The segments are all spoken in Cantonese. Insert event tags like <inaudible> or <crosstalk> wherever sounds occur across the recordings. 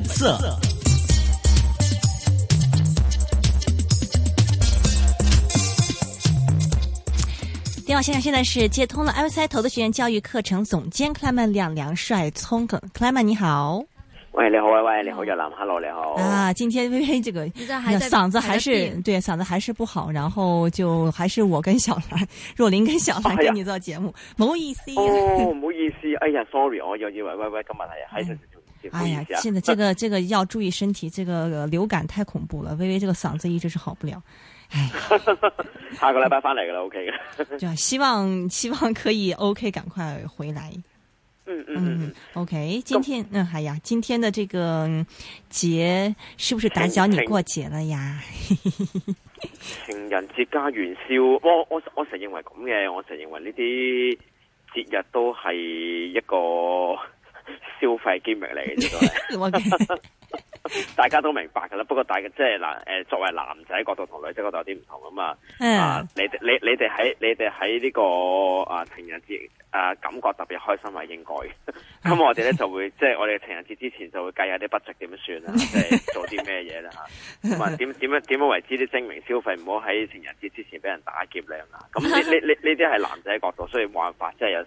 啊、電話先生現在是接通了 F C 投資學院教育課程總監 Clement 梁梁帥聰克 Clement，你好，喂你好，喂喂你好叫藍 hello 你好，啊今天微微這個嗓子還是還對，嗓子還是不好，然後就還是我跟小蘭若琳跟小蘭跟你做節目，不、哎、呀意思、啊、哦，不好意思，哎呀 sorry 我又以為喂喂，今日係喺度。啊、哎呀，現在這個這個要注意身體，這個流感太恐怖了。微微這個嗓子一直是好不了，哎。 <laughs> 下個禮拜翻嚟了 OK 噶。就 <laughs> 希望希望可以 OK，趕快回來。嗯嗯嗯，OK，今天，那嗯，哎呀，今天的這個節是不是打攪你過節了呀？ <laughs> 情人節加元宵，我我我成認為咁嘅，我成認為呢啲節日都係一個。消費兼密嚟嘅呢個， <laughs> <laughs> <laughs> 大家都明白噶啦。不過，大家即係嗱，誒，作為男仔角度同女仔角度有啲唔同啊嘛。啊、 <laughs> 呃，你你們在你哋喺你哋喺呢個啊、呃、情人節、呃、感覺特別開心係應該嘅。咁、 <laughs> 嗯、我哋咧就會即係、就是、我哋情人節之前就會計下啲不值 d g 點算啦，即係做啲咩嘢啦吓。咁啊，點、就、點、是啊、樣點樣為之啲精明消費，唔好喺情人節之前俾人打劫靚啊！咁呢呢呢呢啲係男仔角度，所以玩法即係、就是、有。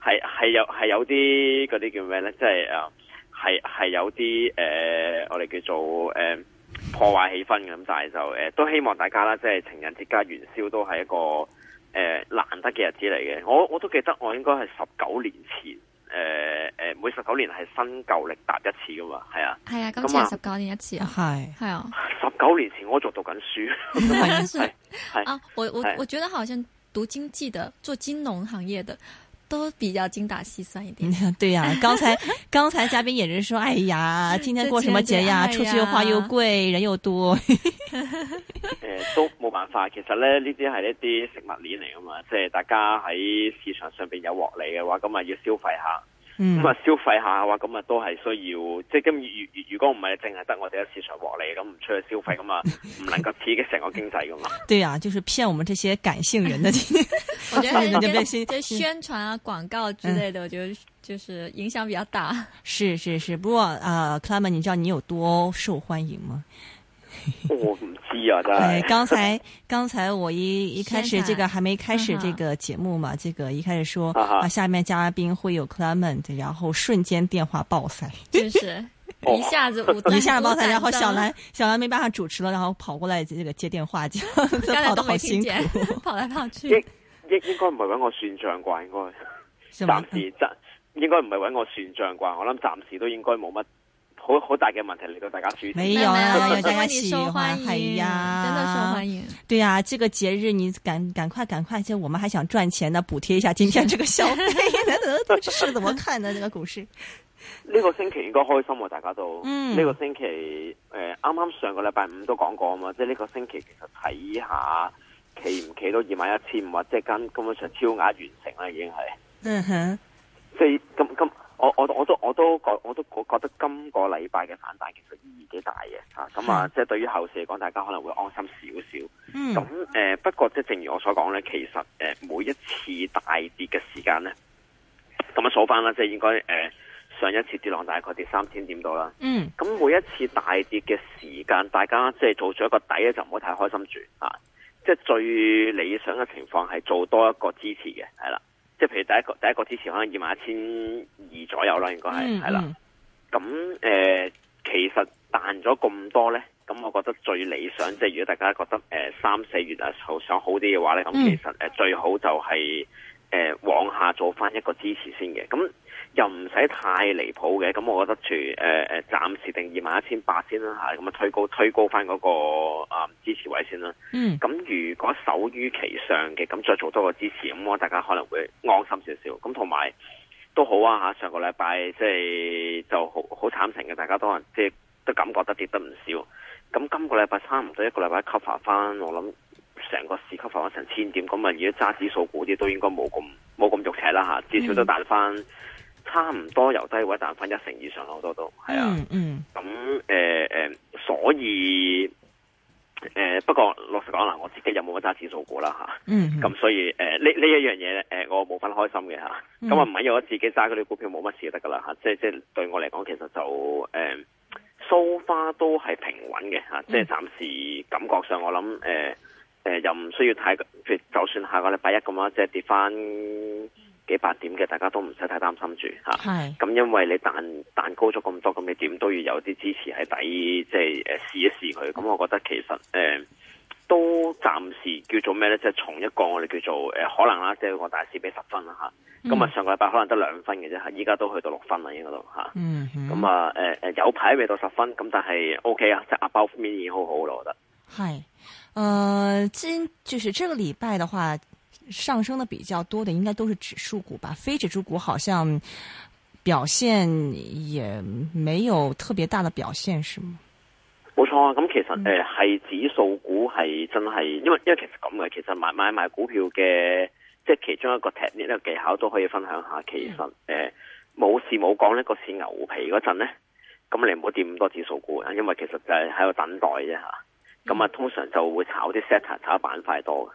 係係有係有啲嗰啲叫咩咧？即係啊，係係有啲誒、呃，我哋叫做誒、呃、破壞氣氛嘅，咁但係就誒、呃，都希望大家啦，即係情人節加元宵都係一個誒、呃、難得嘅日子嚟嘅。我我都記得，我應該係十九年前誒誒、呃呃，每十九年係新舊曆達一次噶嘛，係啊。係啊，今次係十九年一次啊，係係啊。係啊，十九年前我都仲讀緊書，係啊。我我我覺得好像讀經濟的，做金融行業的。都比較精打細算一點， <laughs> 對呀、啊，剛才剛才嘉賓也是說，哎呀，今天過什麼節呀、啊， <laughs> 出去花又貴又， <laughs> 人又多。誒、 <laughs> 呃，都冇辦法，其實咧呢啲係一啲食物鏈嚟噶嘛，即、就、係、是、大家喺市場上邊有獲利嘅話，咁咪要消費下。咁啊，嗯嗯、消費下嘅話，咁啊都係需要，即係今如如如果唔係淨係得我哋有市場獲利，咁唔出去消費咁啊，唔能夠刺激成個經濟噶嘛。對啊，就是騙我們這些感性人的。我覺得啲、 <laughs> 就是就是、宣傳啊、廣告之類的，我覺得就是影響比較大。是是是，不過啊，Clement，你知道你有多受歡迎嗎？ <laughs> 哦 <laughs> 哎，剛才剛才我一一開始這個還沒開始這個節目嘛，談這個一開始說啊哈，下面嘉賓會有 Clement，然後瞬間電話爆塞，真、就是、哦、一下子一下子爆塞，散然後小蘭小蘭，小蘭沒辦法主持了，然後跑過來這個接電話，就跑得好辛苦， <laughs> 跑來跑去，應應該唔係搵我算賬啩，應該，是嗎暫時暫應該唔係搵我算賬啩，我諗暫時都應該冇乜。好好大嘅問題嚟到大家注意。沒有、啊， <laughs> 有大家喜歡，係呀，真的受歡迎。對啊，這個節日你趕趕快趕快，即我們還想賺錢呢，補貼一下今天這個消費。大家 <laughs> <laughs> 是怎麼看呢？ <laughs> 這個股市？呢個星期應該開心喎，啊，大家都。嗯。呢個星期，誒、呃，啱啱上個禮拜五都講過啊嘛，即係呢個星期其實睇下企唔企到二萬一千，或者跟根本上超額完成啦，已經係。嗯哼。即係咁咁。我我我都我都我我都覺得今個禮拜嘅反彈其實意義幾大嘅吓，咁、嗯、啊，即係對於後市嚟講，大家可能會安心少少。咁誒、嗯呃，不過即係正如我所講呢，其實誒、呃、每一次大跌嘅時間呢，咁啊數返啦，即係應該誒、呃、上一次跌浪大概跌三千點度啦。嗯。咁每一次大跌嘅時間，大家即係做咗一個底咧，就唔好太開心住啊！即係最理想嘅情況係做多一個支持嘅，係啦。即係譬如第一個第一個支持可能二萬一千二左右啦，應該係係啦。咁誒、mm hmm. 呃，其實彈咗咁多呢，咁我覺得最理想即係如果大家覺得誒、呃、三四月啊想好啲嘅話呢，咁其實誒、呃、最好就係、是呃、往下做翻一個支持先嘅。咁。又唔使太離譜嘅，咁我覺得住誒誒，暫時定二萬一千八先啦吓，咁啊推高推高翻嗰個啊支持位先啦。嗯，咁如果守於其上嘅，咁再做多個支持，咁我大家可能會安心少少。咁同埋都好啊吓，上個禮拜即係就好好慘情嘅，大家都係即係都感覺得跌得唔少。咁今個禮拜差唔多一個禮拜 cover 翻，我諗成個市 cover 翻成千點，咁啊如果揸指數估啲都應該冇咁冇咁肉赤啦吓，至少都彈翻。嗯差唔多由低位彈翻一成以上，好多都係啊，咁誒誒，所以誒、呃、不過老實講啦，我自己又冇乜揸次數股啦吓，咁、啊嗯嗯、所以誒呢呢一樣嘢誒我冇分開心嘅吓，咁啊唔有得自己揸嗰啲股票冇乜事就得噶啦吓，即係即係對我嚟講其實就誒 so far 都係平穩嘅吓、啊，即係暫時感覺上我諗誒誒又唔需要太，譬如就算下個禮拜一咁樣即係跌翻。幾百點嘅，大家都唔使太擔心住吓。係咁是、啊，因為你彈彈高咗咁多，咁你點都要有啲支持喺底，即係誒試一試佢。咁我覺得其實誒、呃、都暫時叫做咩咧，即係從一個我哋叫做誒、呃、可能啦，即、就、係、是、我大市俾十分啦吓。咁啊、嗯、上個禮拜可能得兩分嘅啫，吓，依家都去到六分啦，應該都吓。嗯哼，咁啊誒誒、呃、有排未到十分，咁但係 O K 啊，即、就、係、是、above median 好好咯，我覺得。係，嗯、呃，今就是這個禮拜嘅話。上升得比較多嘅應該都是指數股吧，非指數股好像表現也沒有特別大的表現，是嗎？冇錯啊，咁其實誒係、嗯呃、指數股係真係，因為因為其實咁嘅，其實買買買股票嘅即係其中一個 technique 呢個技巧都可以分享一下。嗯、其實誒冇、呃、事冇講呢個市牛皮嗰陣呢，咁你唔好掂咁多指數股啊，因為其實就係喺度等待啫吓。咁啊，嗯、通常就會炒啲 sector 炒板塊多嘅。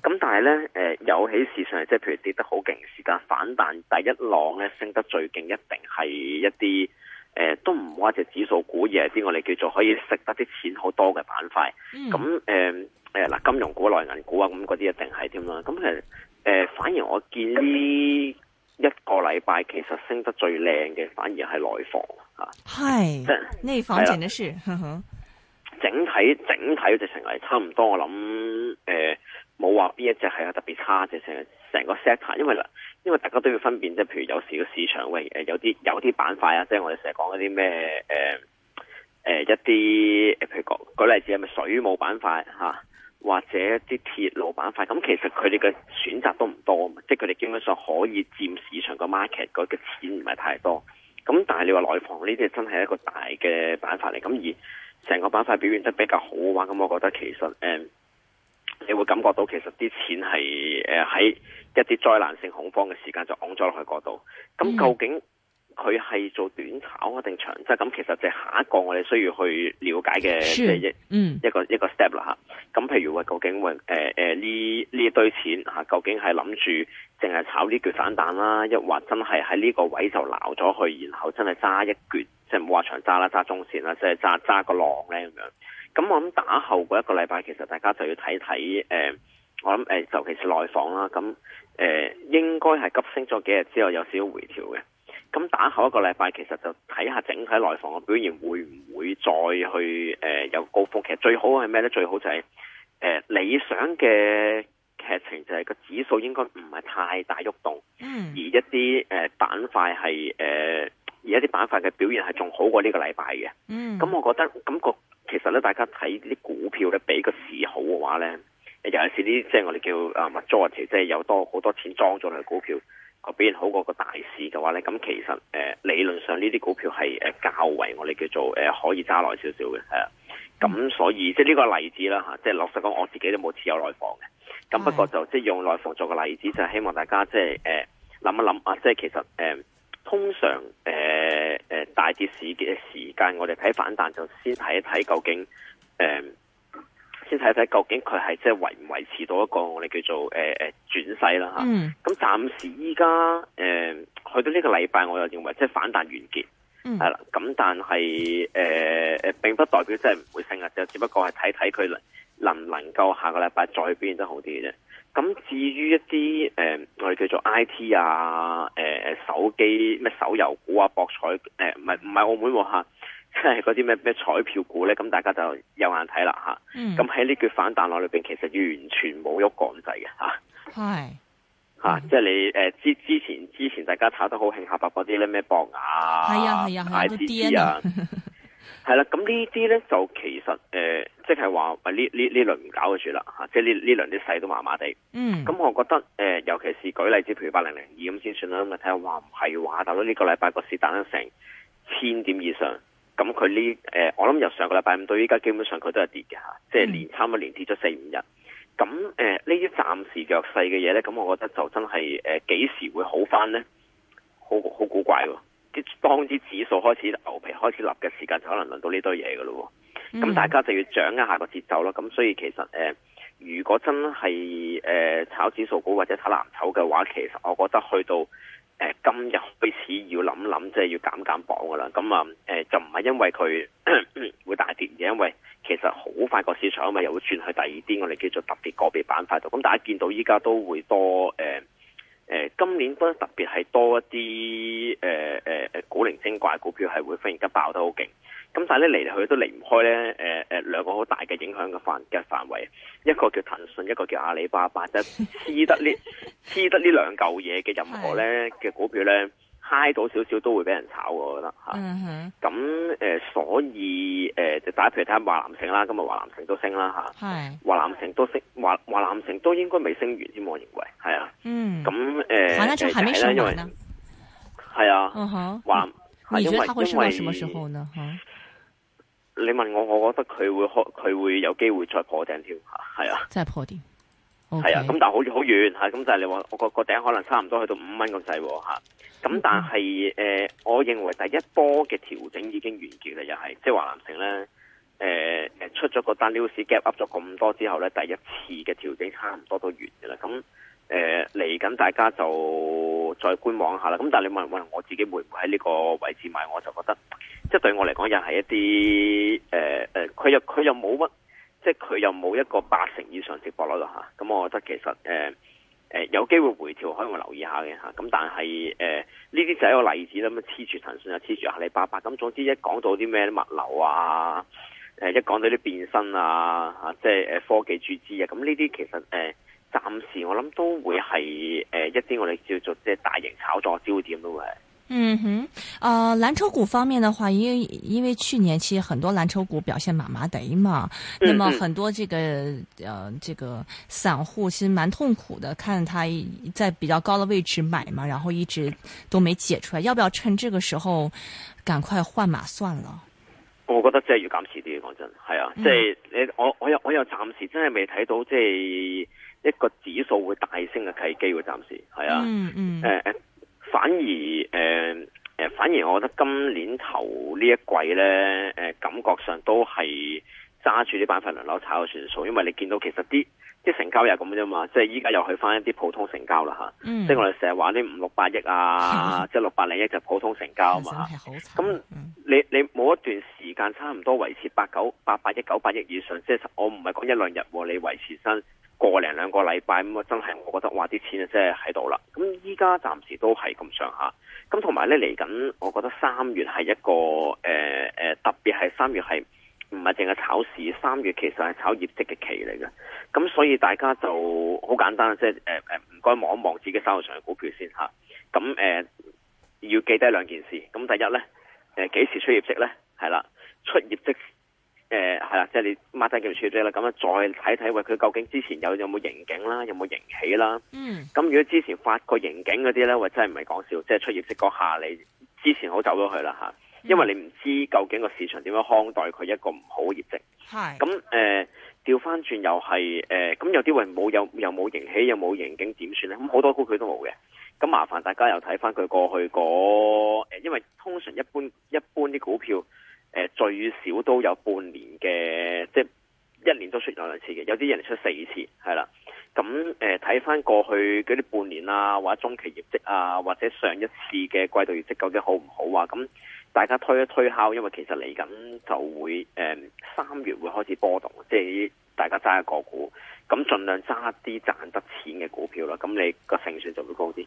咁、嗯、但係咧，誒有起市上，即係譬如跌得好勁，時間反彈第一浪咧、啊、升得最勁，一定係一啲誒、呃、都唔話隻指數股，而係啲我哋叫做可以食得啲錢好多嘅板塊。咁誒誒嗱，金融股、內銀股啊，咁嗰啲一定係添啦。咁誒誒，反而我見呢一個禮拜其實升得最靚嘅，反而係內房唉啊。係內即房成日輸。 <laughs> 整體整體嗰隻成嚟差唔多，我諗誒冇話邊一隻係啊特別差，即係成成個 set 因為啦，因為大家都要分辨即係，譬如有時個市場喂誒有啲有啲板塊啊，即係我哋成日講嗰啲咩誒誒一啲、呃呃，譬如講舉例子係咪水務板塊嚇，或者一啲鐵路板塊，咁、啊、其實佢哋嘅選擇都唔多，即係佢哋基本上可以佔市場 market, 個 market 嗰嘅錢唔係太多，咁但係你話內房呢啲真係一個大嘅板塊嚟，咁而。成個板塊表現得比較好嘅話，咁我覺得其實誒、嗯，你會感覺到其實啲錢係誒喺一啲災難性恐慌嘅時間就擋咗落去嗰度。咁究竟佢係做短炒定長質？咁其實就係下一個我哋需要去了解嘅即係一嗯一個一個 step 啦嚇。咁譬如話、呃呃啊，究竟會誒誒呢呢一堆錢嚇，究竟係諗住淨係炒呢橛散彈啦，抑或真係喺呢個位就撈咗去，然後真係揸一橛。即係唔話長揸啦，揸中線啦，即係揸揸個浪咧咁樣。咁我諗打後嗰一個禮拜，其實大家就要睇睇誒，我諗誒、呃，尤其是內房啦。咁誒、呃、應該係急升咗幾日之後有少少回調嘅。咁打後一個禮拜，其實就睇下整體內房嘅表現會唔會再去誒、呃、有高峰。其實最好係咩咧？最好就係、是、誒、呃、理想嘅劇情就係個指數應該唔係太大喐動，而一啲誒板塊係誒。呃而家啲板塊嘅表現係仲好過呢個禮拜嘅，咁、嗯、我覺得咁、咁個其實咧，大家睇啲股票咧，比個市好嘅話咧，尤其是啲即係我哋叫啊 majority，即係有多好多錢裝咗你嘅股票表現好過個大市嘅話咧，咁其實誒、呃、理論上呢啲股票係誒、呃、較為我哋叫做、呃、可以揸耐少少嘅係啊，咁所以即係呢個例子啦、啊、即係落實講我自己都冇持有內房嘅，咁不過就即係用內房做個例子，就係、希望大家即係誒諗一諗啊，即係其實、呃、通常誒。呃誒、呃，大跌市嘅時間，我哋睇反彈就先睇一睇究竟，誒、呃，先睇睇究竟佢係即係維唔維持到一個我哋叫做誒誒轉勢啦吓。咁、呃、暫、啊 mm. 時依家誒去到呢個禮拜，我又認為即係反彈完結，係啦、mm.。咁但係誒誒，並不代表即係唔會升嘅，就只不過係睇睇佢能能唔能夠下個禮拜再去表現得好啲嘅啫。咁至於一啲誒、呃、我哋叫做 I T 啊，誒、呃、手機咩手遊股啊，博彩誒唔係唔係澳門喎、啊、吓，即係嗰啲咩咩彩票股咧，咁大家就有眼睇啦吓，咁喺呢個反彈浪裏邊，其實完全冇喐控制嘅吓，係吓，即係你誒之之前之前大家炒得好興合啊，嗰啲咧咩博雅、I D 啊。 <laughs> 係啦，咁呢啲咧就其實誒，即係話呢呢呢輪唔搞得住啦吓，即係呢呢輪啲勢都麻麻地。嗯，咁我覺得誒、呃，尤其是舉例子譬如八零零二咁先算啦，咁啊睇下話唔係話，大佬呢個禮拜個市彈咗成千點以上，咁佢呢誒，我諗由上個禮拜五到依家，基本上佢都係跌嘅，吓，即係連差唔多連跌咗四五日。咁誒，呢、呃、啲暫時弱勢嘅嘢咧，咁我覺得就真係誒，幾、呃、時會好翻咧？好好古怪喎。啲當啲指數開始牛皮開始立嘅時間，就可能輪到呢堆嘢嘅咯。咁、mm hmm. 大家就要掌握下個節奏咯。咁所以其實、呃、如果真係誒、呃、炒指數股或者炒藍籌嘅話，其實我覺得去到誒、呃、今日開始要諗諗，即、就、係、是、要減減磅嘅啦。咁啊、呃、就唔係因為佢會大跌，而係因為其實好快個市場啊嘛，因為又會轉去第二啲我哋叫做特別個別板塊度。咁大家見到依家都會多誒。呃呃、今年都特別係多一啲誒、呃呃、古靈精怪股票係會忽然間爆得好勁，咁但係咧嚟嚟去都離唔開咧誒、呃、兩個好大嘅影響嘅範嘅範圍，一個叫騰訊，一個叫阿里巴巴， <laughs> 得黐得呢黐得呢兩嚿嘢嘅任何咧嘅 <laughs> 股票咧。差咗少少都會俾人炒，我覺得吓。咁誒、嗯哼呃，所以誒、呃，就打譬如睇下華南城啦，今日華南城都升啦吓。係。華南城都升，華、啊、華是南城都，都應該未升完先，我認為係啊。嗯。咁誒、嗯，係咪上行係啊。華、嗯哼，南你覺得佢會升到什麼時候呢？吓？你問我，我覺得佢會開，佢會有機會再破頂添。係啊。再破頂。係 Okay. 啊，咁但係好遠好遠，咁就係你話我個個頂可能差唔多去到五蚊咁細喎，咁但係誒、嗯呃，我認為第一波嘅調整已經完結啦，又係即係華南城咧，誒、呃、出咗個 news gap up 咗咁多之後咧，第一次嘅調整差唔多都完嘅啦。咁誒嚟緊大家就再觀望下啦。咁但係你問問我自己會唔會喺呢個位置買？我就覺得即係對我嚟講、呃、又係一啲誒佢又佢又冇乜。即係佢又冇一個八成以上直播率咁、啊、咁我覺得其實誒、呃呃、有機會回調，可以我留意下嘅咁、啊、但係誒呢啲就係一個例子啦，咁黐住騰訊又黐住阿里巴巴。咁總之一講到啲咩物流啊，啊一講到啲變身啊，啊即係科技注資啊，咁呢啲其實誒、呃、暫時我諗都會係誒、呃、一啲我哋叫做即係大型炒作焦點都會係。嗯哼，呃，藍籌股方面的話，因為因為去年其實很多藍籌股表現麻麻地嘛，嗯、那麼很多這個、嗯、呃這個散戶其實蠻痛苦的，看他在比較高的位置買嘛，然後一直都沒解出來，要不要趁這個時候趕快換馬算了？我覺得真係要減持啲，講真，係啊，即係、嗯、你我我又我又暫時真係未睇到即係、就是、一個指數會大升嘅契機，會暫時係啊，嗯嗯，嗯呃反而誒、呃、反而我覺得今年頭呢一季咧、呃，感覺上都係揸住啲板塊輪流炒嘅算數，因為你見到其實啲啲成交又係咁啫嘛，即係依家又去翻一啲普通成交啦嚇，嗯、即係我哋成日話啲五六百億啊，是的即係六百零億就普通成交啊嘛，咁你你冇一段時間差唔多維持八九八百億九百億以上，即係我唔係講一兩日喎，你維持身。個零兩個禮拜咁啊，真係我覺得哇，啲錢啊真係喺度啦。咁依家暫時都係咁上下。咁同埋咧，嚟緊我覺得三月係一個誒誒、呃呃，特別係三月係唔係淨係炒市，三月其實係炒業績嘅期嚟嘅。咁所以大家就好簡單，即係誒誒，唔該望一望自己手上嘅股票先吓。咁、啊、誒、呃，要記得兩件事。咁第一咧，誒、呃，幾時出業績咧？係啦，出業績。誒，係啦，即係你抹低條咗。啫啦，咁啊，再睇睇，喂，佢究竟之前有有冇盈警啦，有冇盈喜啦？嗯，咁如果之前發過盈警嗰啲咧，喂、哎，真係唔係講笑，即係出業績嗰下，你之前好走咗去啦吓，因為你唔知究竟個市場點樣看待佢一個唔好嘅業績。係咁是，誒、嗯，調翻轉又係，誒、嗯，咁有啲位冇有又冇盈喜，又冇盈警點算咧？咁好多股票都冇嘅，咁麻煩大家又睇翻佢過去嗰，誒，因為通常一般一般啲股票。呃、最少都有半年嘅，即係一年都出咗兩次嘅，有啲人出四次，係啦。咁睇翻過去嗰啲半年啊，或者中期業績啊，或者上一次嘅季度業績究竟好唔好啊？咁、嗯、大家推一推敲，因為其實嚟緊就會誒三、嗯、月會開始波動，即係大家揸個股，咁、嗯、盡量揸啲賺得錢嘅股票啦，咁、嗯、你個勝算就會高啲。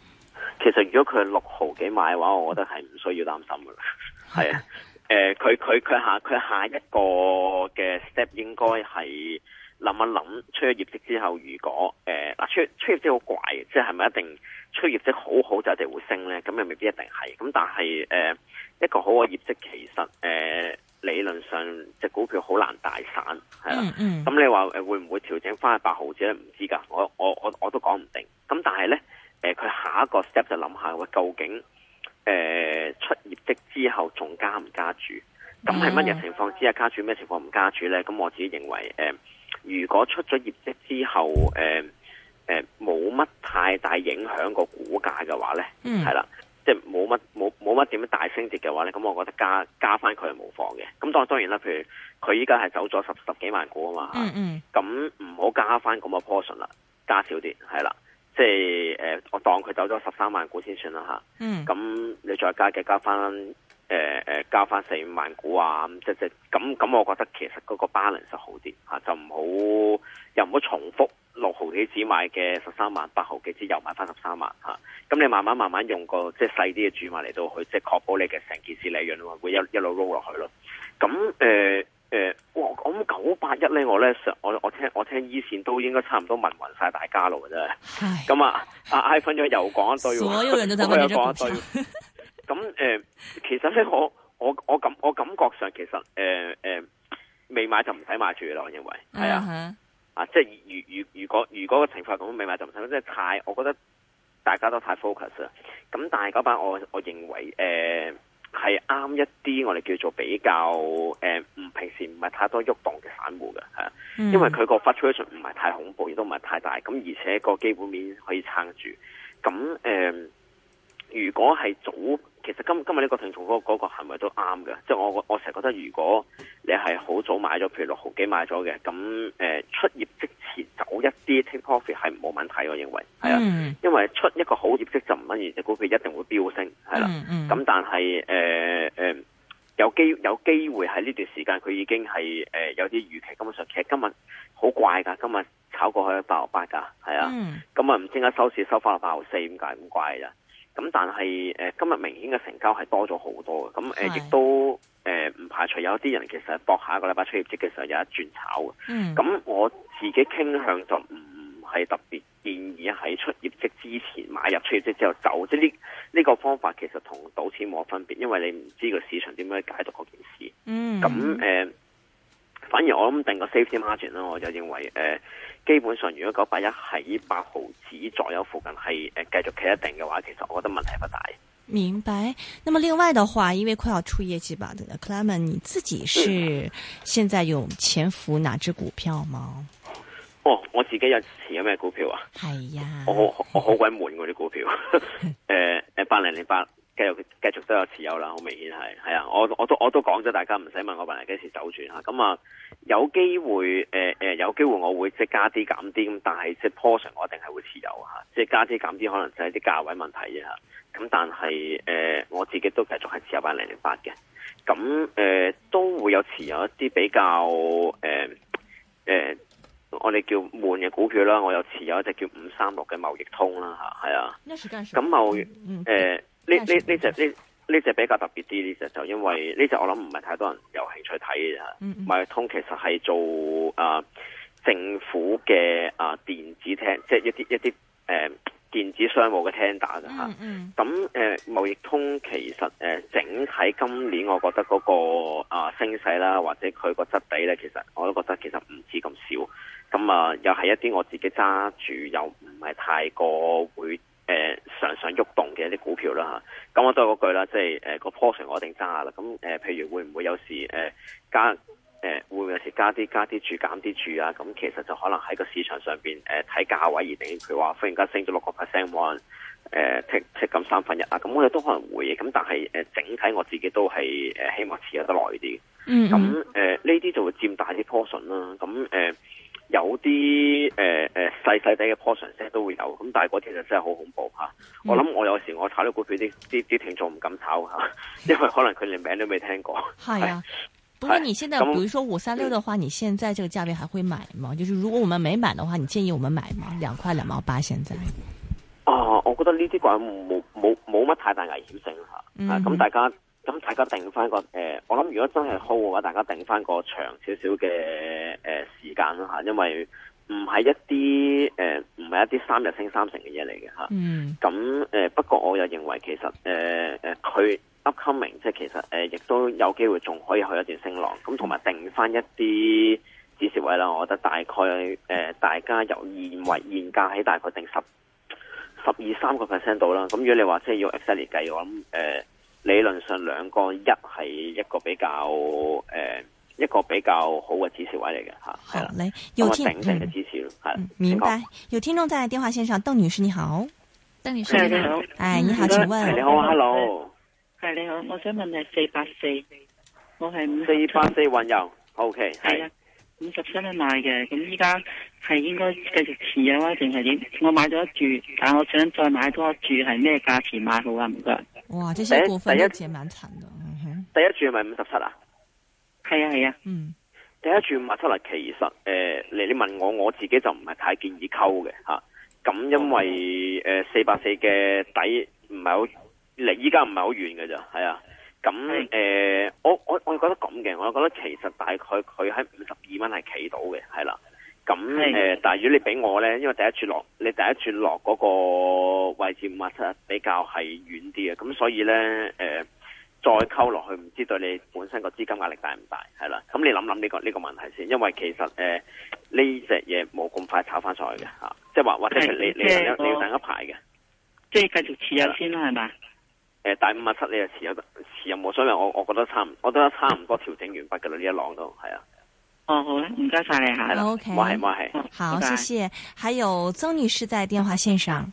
其實如果佢六毫幾買嘅話，我覺得係唔需要擔心噶啦。係啊的，誒，佢佢佢下佢下一個嘅 step 應該係諗一諗，出咗業績之後，如果誒，嗱、呃、出出業績好怪，即係係咪一定出業績好好就一定會升咧？咁又未必一定係。咁但係誒、呃，一個好嘅業績其實誒、呃，理論上隻股票好難大散係啦。咁、嗯嗯嗯、你話誒會唔會調整翻去八毫紙咧？唔知噶，我我我我都講唔定。咁、嗯、但係咧。誒，佢、呃、下一個 step 就諗下，呃 oh. 下，究竟誒出業績之後仲加唔加注？咁係乜嘢情況之下加注？咩情況唔加注咧？咁我自己認為，誒、呃，如果出咗業績之後，誒、呃、誒，冇、呃、乜太大影響個股價嘅話咧，係係啦，即係冇乜冇冇乜點樣大升跌嘅話咧，咁我覺得加加翻佢係無妨嘅。咁當當然啦，譬如佢依家係走咗十十幾萬股啊嘛，嗯，咁唔好加翻咁嘅 portion 啦，加少啲係啦。即係誒、呃，我當佢走咗十三萬股先算啦吓，咁、啊嗯、你再加嘅加翻誒誒，加翻四五萬股啊，咁即係咁咁，我覺得其實嗰個 balance 好啲吓、啊，就唔好又唔好重複六毫幾子買嘅十三萬，八毫幾子又買翻十三萬吓，咁、啊、你慢慢慢慢用個即係細啲嘅注碼嚟到去，即係確保你嘅成件事利潤會一一路 roll 落去咯，咁誒。呃誒、呃，哇！咁九八一咧，我咧上我我聽我聽以前都應該差唔多問匀晒大家咯，真係唉。係、嗯。咁啊，阿 iPhone 咗又講一堆所人咁誒、 <laughs> 嗯，其實咧，我我我感我感覺上其實誒誒、呃呃，未買就唔使買住喇。我認為。係、嗯、哼。啊，即係如如如果如果個情況咁未買就唔使，即係太，我覺得大家都太 focus 啦。咁但係九八我我認為誒。呃係啱一啲我哋叫做比較誒，唔、呃、平時唔係太多喐動嘅散戶嘅嚇，啊 mm。因為佢個 valuation 唔係太恐怖，亦都唔係太大，咁、啊、而且個基本面可以撐住，咁誒、呃，如果係早。其實今今日呢個停重，嗰嗰個行為都啱嘅，即係我我成日覺得，如果你係好早買咗，譬如六毫幾買咗嘅，咁誒出業績前走一啲 take profit 係冇問題，我認為係啊，因為出一個好業績就唔等於隻股票一定會飆升，係啦、啊，咁但係誒誒有機有機會喺呢段時間，佢已經係誒、呃、有啲預期，根本上其實今日好怪噶，今日炒過去八號，八八毫八噶，係啊，今日唔知點解收市收翻八毫四，點解咁怪嘅？咁但係誒、呃，今日明顯嘅成交係多咗好多嘅，咁誒亦都誒唔、呃、排除有啲人其實搏下個禮拜出業績嘅時候有一轉炒嘅。嗯，咁我自己傾向就唔係特別建議喺出業績之前買入，出業績之後走，即係呢呢個方法其實同賭錢冇分別，因為你唔知個市場點樣解讀嗰件事。嗯，咁誒、呃，反而我諗定個 safety margin 啦，我就認為誒。呃基本上，如果九八一喺八毫紙左右附近，係誒繼續企一定嘅話，其實我覺得問題不大。明白。那麼另外的話，因為快要出業績吧，Clement，你自己是現在有潛伏哪隻股票嗎？哦，我自己有持有咩股票啊？係、哎、呀，我我好鬼悶嗰啲股票，誒 <laughs> 誒、呃，八零零八。繼續繼續都有持有啦，好明顯係係啊！我都我都我都講咗，大家唔使問我八零幾時走轉吓。咁啊，有機會誒誒、呃，有機會我會即係加啲減啲，但係即係 position 我一定係會持有吓，即係加啲減啲，減可能就係啲價位問題啫吓。咁、啊、但係誒、呃，我自己都繼續係持有八零零八嘅。咁、啊、誒、啊、都會有持有一啲比較誒誒、啊啊，我哋叫悶嘅股票啦。我有持有一隻叫五三六嘅貿易通啦吓，係啊。咁貿易誒。呢呢呢隻呢呢隻比較特別啲，呢隻就因為呢隻我諗唔係太多人有興趣睇嘅嚇。貿易通其實係做啊政府嘅啊電子聽，即係一啲一啲誒電子商務嘅聽打嘅嚇。咁誒貿易通其實誒整體今年我覺得嗰，那個啊升勢啦，或者佢個質地咧，其實我都覺得其實唔止咁少。咁啊又係一啲我自己揸住，又唔係太過會。誒、呃，常常喐動嘅一啲股票啦吓，咁、啊、我都係嗰句啦，即係誒個 portion 我一定揸啦，咁誒、呃，譬如會唔會有時誒、呃、加誒、呃、會，會有時加啲加啲注減啲注啊，咁其實就可能喺個市場上邊誒睇價位而定，譬如話忽然間升咗六個 percent，冇人誒剔剔咁三分一啊，咁我哋都可能會，咁但係誒整體我自己都係誒希望持有得耐啲，咁誒呢啲就會佔大啲 portion 啦，咁、啊、誒。呃有啲誒誒細細啲嘅 portion 聲都會有，咁大個其實真係好恐怖嚇。啊嗯、我諗我有時候我炒到股票啲啲啲聽眾唔敢炒嚇、啊，因為可能佢連名都未聽過。係 <laughs> 啊，是不過你現在，是比如說五三六嘅話，嗯、你現在這個價位還會買嗎？就是，如果我們沒買的話，你建議我們買嗎？兩塊兩毛八，現在。嗯、哼啊，我覺得呢啲股冇冇冇乜太大危險性嚇，咁大家。啊嗯咁大家定翻個誒、呃，我諗如果真係好嘅話，大家定翻個長少少嘅誒時間啦吓，因為唔係一啲誒唔係一啲三日升三成嘅嘢嚟嘅吓。嗯。咁誒、呃，不過我又認為其實誒誒，佢、呃、upcoming 即係其實誒、呃，亦都有機會仲可以去一段升浪。咁同埋定翻一啲止蝕位啦，我覺得大概誒、呃，大家由現為現價喺大概定十十二三個 percent 度啦。咁如果你話即係要 accelerate 嚟計。呃理論上兩個一係一個比較誒，一個比較好嘅支持位嚟嘅吓。係啦，你有天嘅支持係。明白，有聽眾在電話線上，鄧女士你好，鄧女士你好，哎你好，請問，你好，hello，係你好，我想問你，四八四，我係五。四八四混油，OK，係。五十七蚊買嘅，咁依家係應該繼續持有啦，定係點？我買咗一注，但我想再買多一注，係咩價錢買好啊？唔該。哇，真係過分都第！第一注係蠻慘嘅。第一注係咪五十七啊？係啊，係啊。嗯，第一注五十七啦。其實誒，你、呃、你問我我自己就唔係太建議溝嘅吓。咁、啊、因為誒四百四嘅底唔係好離依家唔係好遠嘅咋。係啊。咁誒的、呃，我我我覺得咁嘅。我覺得其實大概佢喺五十二蚊係企到嘅。係啦、啊。咁誒那的、呃，但係如果你俾我咧，因為第一次落，你第一次落嗰個位置五萬七比較係遠啲嘅，咁所以咧誒、呃，再溝落去唔知道對你本身個資金壓力大唔大，係啦，咁你諗諗呢個呢、這個、問題先，因為其實誒呢隻嘢冇咁快炒翻上去嘅吓，即係話或者你的你你，的你要等一排嘅，即係繼續持有先啦，係嘛的的、呃？但大五萬七你又持有持有冇所謂？所以我我覺得差唔，我覺得差唔多調整完畢嘅啦，呢一浪都係啊。哦好咧，唔該晒你吓，O K，冇係冇係，好，謝謝，還有曾女士在電話線上，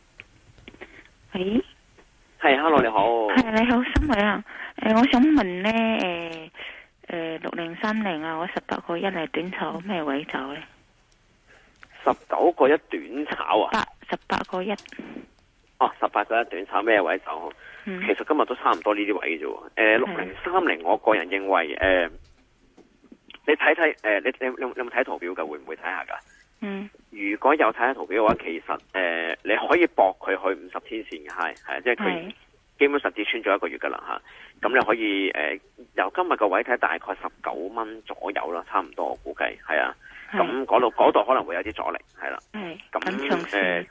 係，係，hello，你好，係你好，三位啊，誒，我想問呢，誒，誒，六零三零啊，我十八個一係短炒咩位走咧？十九個一短炒啊，八十八個一，哦，十八個一短炒咩位走？其實今日都差唔多呢啲位嘅啫，誒，六零三零，我個人認為，誒。你睇睇誒，你你你有冇睇圖表㗎？會唔會睇下㗎？嗯，如果有睇下圖表嘅話，其實誒、呃，你可以駁佢去五十天線嘅係，係即係佢基本上跌穿咗一個月㗎啦吓，咁、啊、你可以誒、呃，由今日個位睇大概十九蚊左右啦，差唔多我估計係啊，咁嗰度嗰度可能會有啲阻力，係啦，咁誒。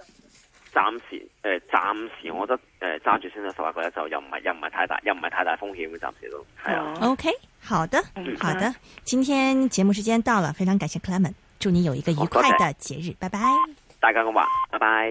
暫時，誒、呃，暫時我覺得，誒、呃，揸住先啦。十八個，就又唔係，又唔係太大，又唔係太大風險嘅，暫時都係啊。O、oh, K、okay, 好的，Okay. 好的。今天節目時間到了，非常感謝 Clement 祝你有一個愉快的節日，拜拜。大家咁話，拜拜。